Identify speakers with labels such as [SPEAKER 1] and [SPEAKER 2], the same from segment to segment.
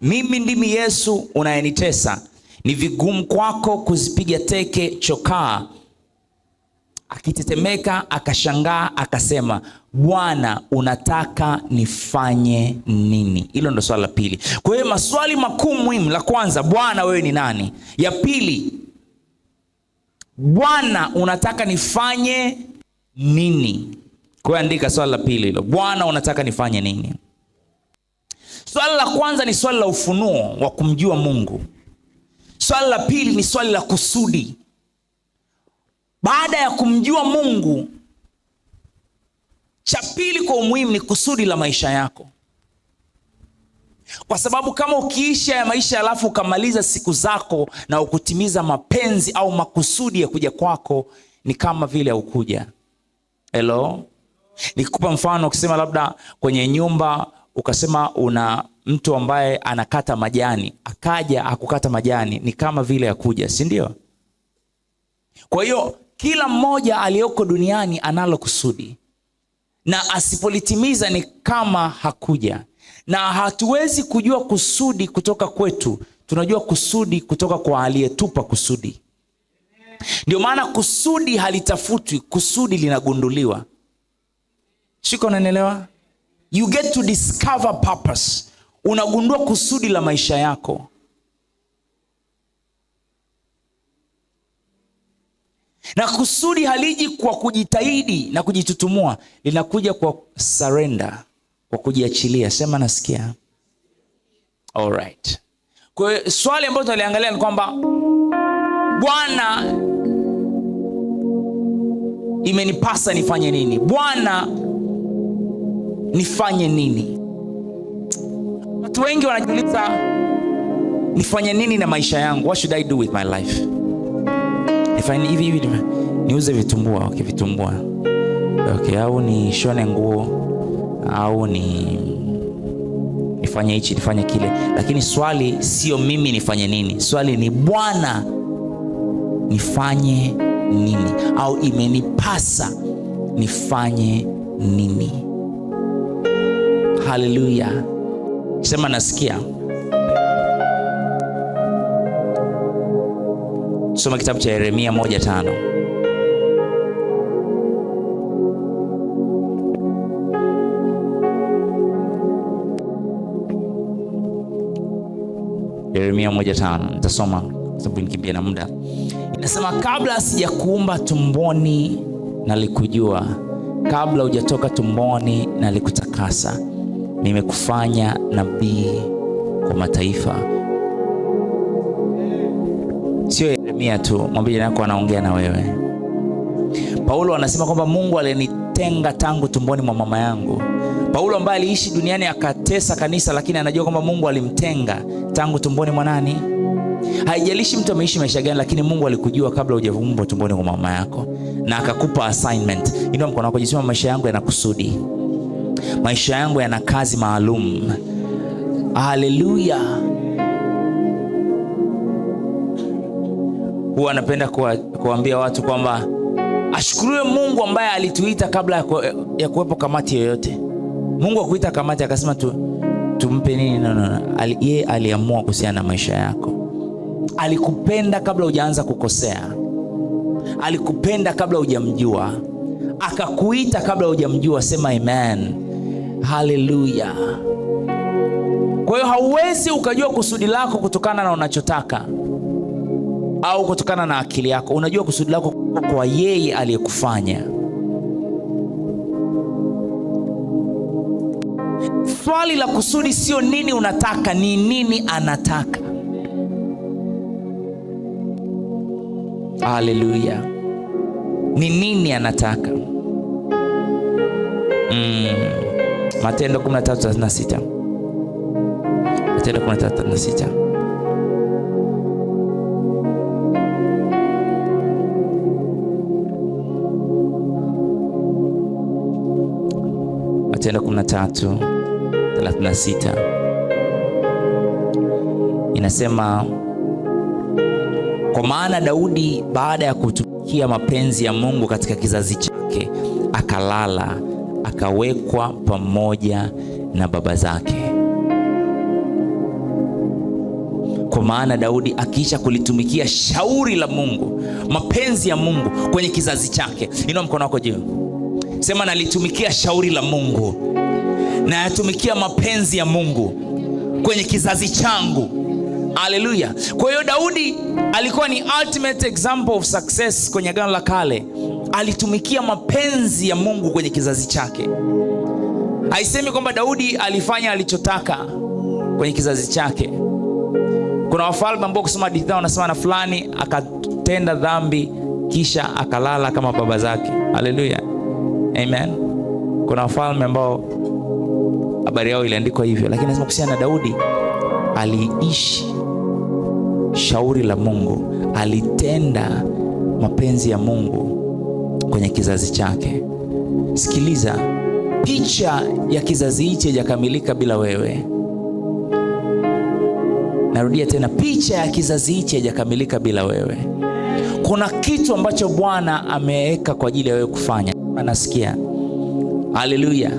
[SPEAKER 1] mimi ndimi Yesu unayenitesa, ni vigumu kwako kuzipiga teke chokaa. Akitetemeka akashangaa akasema, Bwana, unataka nifanye nini? Hilo ndo swali la pili. Kwa hiyo maswali makuu muhimu, la kwanza, Bwana wewe ni nani? Ya pili, Bwana unataka nifanye nini? Kwa hiyo andika swali la pili hilo, Bwana unataka nifanye nini? swala la kwanza ni swali la ufunuo wa kumjua Mungu. swala la pili ni swali la kusudi. Baada ya kumjua Mungu, cha pili kwa umuhimu ni kusudi la maisha yako, kwa sababu kama ukiisha ya maisha alafu ukamaliza siku zako na ukutimiza mapenzi au makusudi ya kuja kwako, ni kama vile haukuja. Hello, nikupa mfano, ukisema labda kwenye nyumba ukasema una mtu ambaye anakata majani, akaja akukata majani, ni kama vile akuja, si ndio? Kwa hiyo kila mmoja aliyoko duniani analo kusudi, na asipolitimiza ni kama hakuja, na hatuwezi kujua kusudi kutoka kwetu. Tunajua kusudi kutoka kwa aliyetupa kusudi. Ndio maana kusudi halitafutwi, kusudi linagunduliwa. Shika, unanielewa? you get to discover purpose. Unagundua kusudi la maisha yako. Na kusudi haliji kwa kujitahidi na kujitutumua, linakuja kwa surrender, kwa kujiachilia. Sema nasikia. All right. Kwa swali ambalo tunaliangalia ni kwamba Bwana, imenipasa nifanye nini? Bwana nifanye nini? Watu wengi wanajiuliza nifanye nini na maisha yangu, what should I do with my life? Nifanye hivi hivi, niuze vitumbua, okay, vitumbua okay, au nishone nguo au ni nifanye hichi nifanye kile, lakini swali sio mimi nifanye nini, swali ni Bwana nifanye nini, au imenipasa nifanye nini? haleluya. Sema nasikia. Soma kitabu cha Yeremia moja tano. Yeremia moja tano nitasoma sababu nikimbia na muda. Inasema, kabla sijakuumba tumboni nalikujua, kabla hujatoka tumboni nalikutakasa nimekufanya nabii kwa mataifa. Sio Yeremia tu, mwambie jirani yako anaongea na wewe. Paulo anasema kwamba Mungu alinitenga tangu tumboni mwa mama yangu. Paulo ambaye aliishi duniani akatesa kanisa, lakini anajua kwamba Mungu alimtenga tangu tumboni mwa nani? Haijalishi mtu ameishi maisha gani, lakini Mungu alikujua kabla hujavumbwa tumboni kwa mama yako, na akakupa assignment. Inua mkono wako, jisema maisha yangu yana kusudi. Maisha yangu yana kazi maalum. Haleluya! Huwa anapenda kuwaambia watu kwamba ashukuriwe Mungu ambaye alituita kabla ya kuwepo kamati yoyote. Mungu akuita kamati akasema tu tumpe nini? No, no, no. ye aliamua kuhusiana na maisha yako. Alikupenda kabla hujaanza kukosea, alikupenda kabla hujamjua, akakuita kabla hujamjua. Sema amen. Haleluya! Kwa hiyo hauwezi ukajua kusudi lako kutokana na unachotaka au kutokana na akili yako. Unajua kusudi lako kwa yeye aliyekufanya. Swali la kusudi sio nini unataka, ni nini anataka. Haleluya! ni nini anataka mm. Matendo 13:36. Matendo 13:36. Matendo 13:36 inasema kwa maana Daudi baada ya kutumikia mapenzi ya Mungu katika kizazi chake, akalala akawekwa pamoja na baba zake. Kwa maana Daudi akiisha kulitumikia shauri la Mungu, mapenzi ya Mungu kwenye kizazi chake, inua mkono wako juu, sema nalitumikia shauri la Mungu, nayatumikia mapenzi ya Mungu kwenye kizazi changu. Haleluya! Kwa hiyo Daudi alikuwa ni ultimate example of success kwenye Agano la Kale. Alitumikia mapenzi ya Mungu kwenye kizazi chake. Haisemi kwamba Daudi alifanya alichotaka kwenye kizazi chake. Kuna wafalme ambao kusoma hadithi wanasema na fulani akatenda dhambi kisha akalala kama baba zake. Haleluya, amen. Kuna wafalme ambao habari yao iliandikwa hivyo, lakini nasema kuhusiana na Daudi, aliishi shauri la Mungu, alitenda mapenzi ya Mungu kwenye kizazi chake. Sikiliza picha ya kizazi hichi haijakamilika bila wewe. Narudia tena, picha ya kizazi hichi haijakamilika bila wewe. Kuna kitu ambacho Bwana ameweka kwa ajili ya wewe kufanya. Anasikia, haleluya.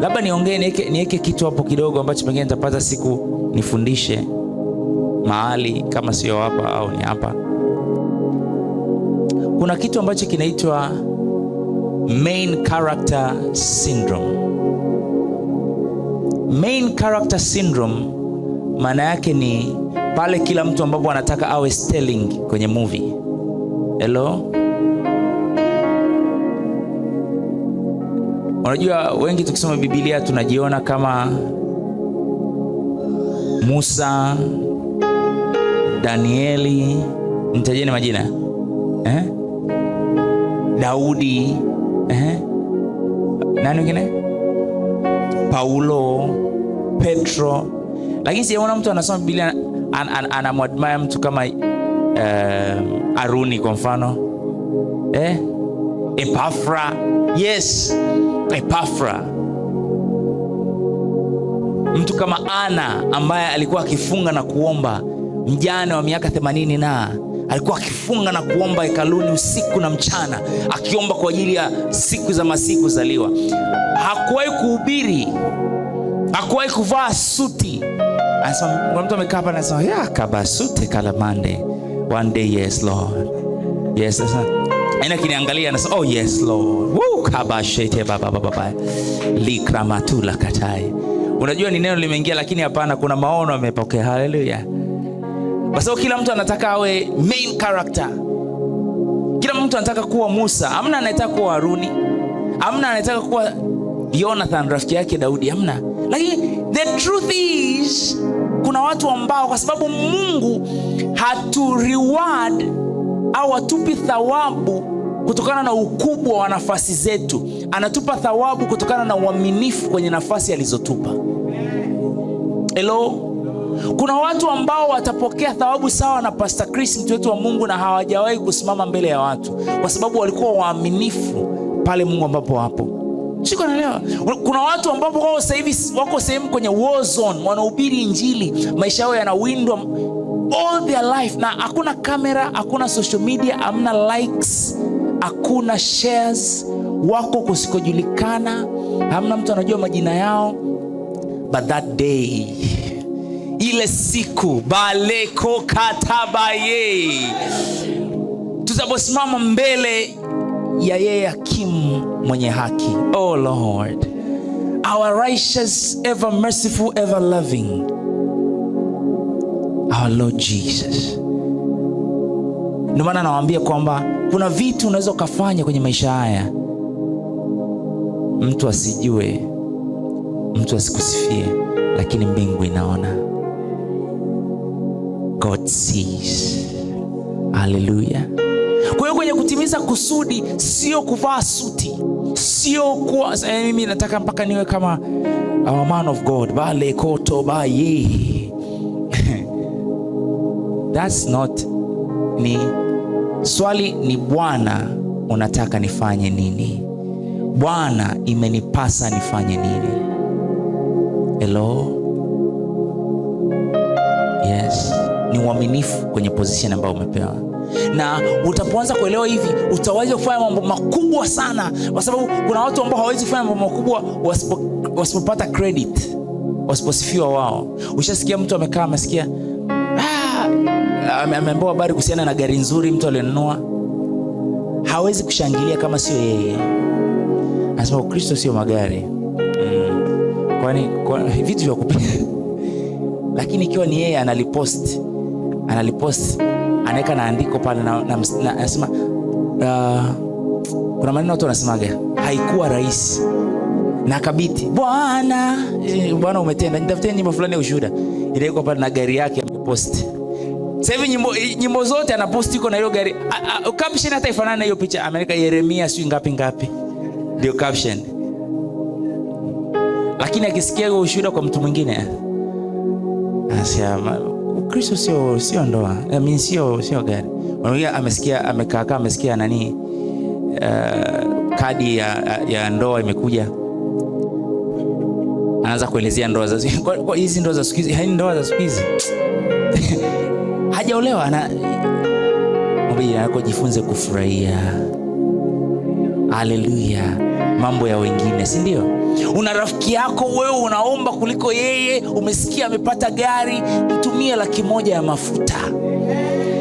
[SPEAKER 1] Labda niongee, niweke kitu hapo kidogo ambacho pengine nitapata siku nifundishe mahali kama sio hapa au ni hapa. Kuna kitu ambacho kinaitwa main character syndrome. Main character syndrome maana yake ni pale kila mtu ambapo anataka awe stelling kwenye movie. Hello? Unajua wengi tukisoma Biblia tunajiona kama Musa, Danieli, nitajeni majina eh? Daudi Ehe. Nani wengine? Paulo, Petro. Lakini sijaona mtu anasoma Biblia an, an, anamwadmire mtu kama uh, Aruni kwa mfano eh? Epafra. Yes, Epafra, mtu kama Ana ambaye alikuwa akifunga na kuomba, mjane wa miaka themanini na alikuwa akifunga na kuomba hekaluni usiku na mchana, akiomba kwa ajili ya siku za masiku kuzaliwa. Hakuwahi kuhubiri, hakuwahi kuvaa suti. Anasema mtu amekaa hapa anasema ya kaba suti kala mande one day yes Lord yes ana yaani kiniangalia anasema oh yes Lord woo kaba shete baba baba baba likramatula katai. Unajua ni neno limeingia, lakini hapana, kuna maono amepokea. Haleluya kwa sababu kila mtu anataka awe main character. Kila mtu anataka kuwa Musa, amna anataka kuwa Haruni, amna anataka kuwa Jonathan rafiki yake Daudi, amna Lakini the truth is kuna watu ambao kwa sababu Mungu hatu reward au hatupi thawabu kutokana na ukubwa wa nafasi zetu, anatupa thawabu kutokana na uaminifu kwenye nafasi alizotupa. Hello. Kuna watu ambao watapokea thawabu sawa na Pastor Chris mtu wetu wa Mungu, na hawajawahi kusimama mbele ya watu kwa sababu walikuwa waaminifu pale Mungu ambapo wapo. Siko naelewa. Kuna watu ambapo wao sasa hivi wako sehemu kwenye war zone, wanahubiri Injili, maisha yao yanawindwa all their life, na hakuna kamera, hakuna social media, hamna likes, hakuna shares, wako kusikojulikana, hamna mtu anajua majina yao, but that day ile siku baleko katabaye, tutaposimama mbele ya yeye hakimu mwenye haki. Oh Lord, our righteous ever merciful ever loving our Lord Jesus. Ndio maana nawaambia kwamba kuna vitu unaweza ukafanya kwenye maisha haya, mtu asijue, mtu asikusifie, lakini mbingu inaona. God sees. Hallelujah. Kwa hiyo kwenye kutimiza kusudi sio kuvaa suti, sio kuwa eh, mimi nataka mpaka niwe kama a uh, man of God bale koto baye that's not ni swali ni Bwana, unataka nifanye nini? Bwana, imenipasa nifanye nini? Hello. ni uaminifu kwenye position ambayo umepewa, na utapoanza kuelewa hivi utaweza kufanya mambo makubwa sana, kwa sababu kuna watu ambao hawawezi kufanya mambo makubwa wasipopata credit, wasiposifiwa wao. Ushasikia mtu amekaa amesikia ah, ameambiwa habari kuhusiana na gari nzuri mtu alionunua, hawezi kushangilia kama sio yeye. Anasema Ukristo sio magari mm, kwani vitu vya kupiga lakini ikiwa ni yeye analiposti analiposti, anaweka naandiko pale, anasema ah, kuna maneno watu wanasemaga, haikuwa rahisi na kabiti Bwana eh, Bwana umetenda. Nitafutie nyimbo fulani ya ushuhuda, ilikuwa pale na gari yake ameposti. Sasa hivi nyimbo, eh, nyimbo zote anaposti iko na hiyo gari. Caption hata ifanana na hiyo picha. Ameweka Yeremia sio ngapi ngapi, ndio caption. Lakini akisikia ushuda kwa mtu mwingine anasema Kristo sio sio ndoa. I mean sio sio gari. Mwanamke amesikia amekaa kama amesikia nani uh, kadi ya, ya ndoa imekuja. Anaanza kuelezea ndoa za hizi ndoa za siku hizi, haini ndoa za siku hizi. Hajaolewa ana mbili yako jifunze kufurahia. Haleluya. Mambo ya wengine, si ndio? Una rafiki yako wewe unaomba kuliko yeye, umesikia amepata gari, mtumie laki moja ya mafuta,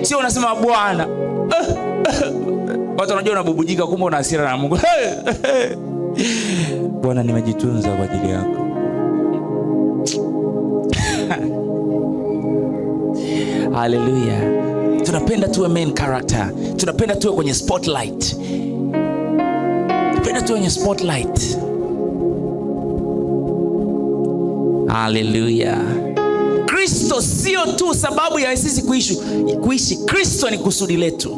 [SPEAKER 1] sio unasema bwana watu wanajua unabubujika, kumbe una asira na Mungu. Bwana, nimejitunza kwa ajili yako. Haleluya! tunapenda tuwe main character, tunapenda tuwe kwenye spotlight, tunapenda tuwe kwenye spotlight. Haleluya! Kristo sio tu sababu ya sisi kuishi kuishi, Kristo ni kusudi letu.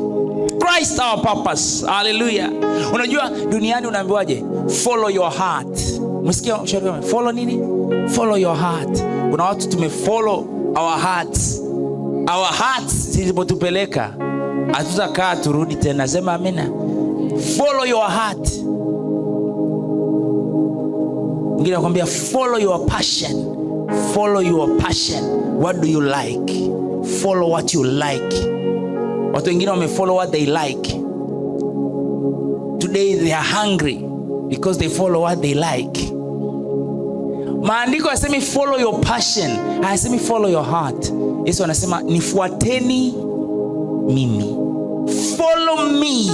[SPEAKER 1] Christ our purpose. Haleluya! Unajua duniani unaambiwaje? Follow your heart. Msikia mshauri, follow nini? Follow your heart. Kuna watu tumefollow our hearts. Our hearts zilipotupeleka hatutakaa turudi tena. Sema amina. Follow your heart. Mwingine anakuambia follow your passion, follow your passion. What do you like? Follow what you like. Watu wengine wamefollow what they like. Today they are hungry because they follow what they like. Maandiko asemi follow your passion, hayasemi follow your heart. Yesu anasema nifuateni mimi, follow me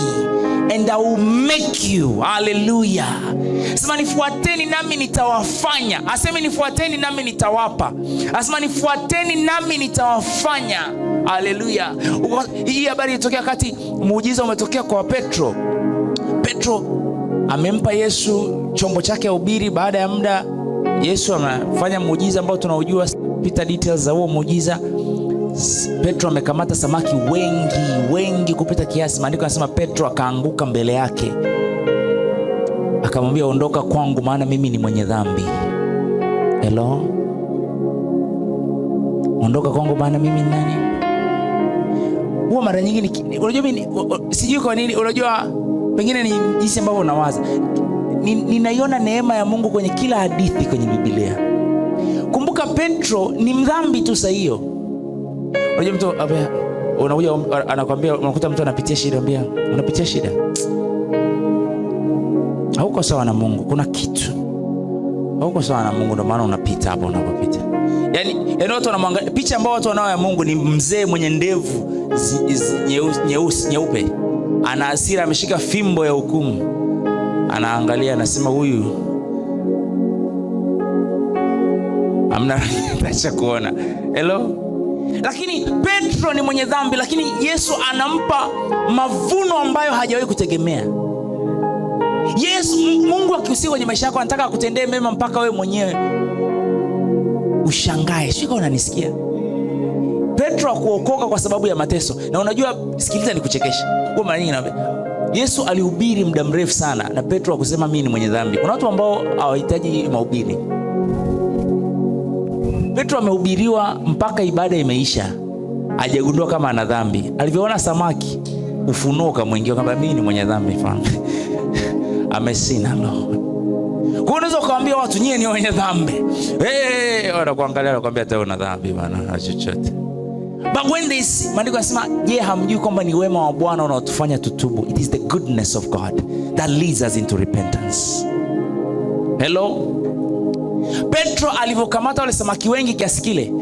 [SPEAKER 1] and I will make you. hallelujah Asema nifuateni nami nitawafanya. Asemi nifuateni nami nitawapa. Asema nifuateni nami nitawafanya. Aleluya! Hii habari ilitokea wakati muujiza umetokea kwa Petro. Petro amempa Yesu chombo chake ahubiri. Baada ya muda, Yesu anafanya muujiza ambao tunaujua, pita details za huo muujiza. Petro amekamata samaki wengi wengi kupita kiasi. Maandiko yanasema Petro akaanguka mbele yake akamwambia ondoka kwangu, maana mimi ni mwenye dhambi. Hello, ondoka kwangu, maana mimi nani? Huwa mara nyingi unajua, mimi sijui kwa nini, unajua pengine ni jinsi ambavyo unawaza. Ninaiona ni neema ya Mungu kwenye kila hadithi kwenye Biblia. Kumbuka Petro ni mdhambi tu, saa hiyo unajua mtu unakuja anakwambia, unakuta mtu anapitia shida, ambia unapitia shida hauko sawa na Mungu, kuna kitu hauko sawa na Mungu, ndio maana unapita hapo unapopita. Yani, yani watu wanamwangalia, picha ambayo watu wanao ya Mungu ni mzee mwenye ndevu nyeusi nyeupe, ana hasira, ameshika fimbo ya hukumu, anaangalia, anasema huyu amna tacha kuona. Hello? Lakini Petro ni mwenye dhambi, lakini Yesu anampa mavuno ambayo hajawahi kutegemea. Yesu, Mungu akihusika kwenye maisha yako anataka akutendee mema mpaka wewe mwenyewe ushangae. Shika, unanisikia? Petro akuokoka kwa sababu ya mateso. Na unajua, sikiliza, kuchekesha kwa mara nyingi naambia Yesu alihubiri muda mrefu sana, na Petro akusema mimi ni mwenye dhambi. Kuna watu ambao hawahitaji mahubiri. Petro amehubiriwa mpaka ibada imeisha, ajagundua kama ana dhambi. Alivyoona samaki, ufunuo ukamwingia, kwamba mimi ni mwenye dhambi fana amesina Lord. Kwa unaweza ukawaambia watu nyie ni wenye dhambi, wanakuangalia wanakuambia hata una dhambi bana na chochote. But when this, maandiko yanasema je, hamjui kwamba ni wema wa Bwana unaotufanya tutubu? It is the goodness of God that leads us into repentance. Hello. Petro alivyokamata wale samaki wengi kiasi kile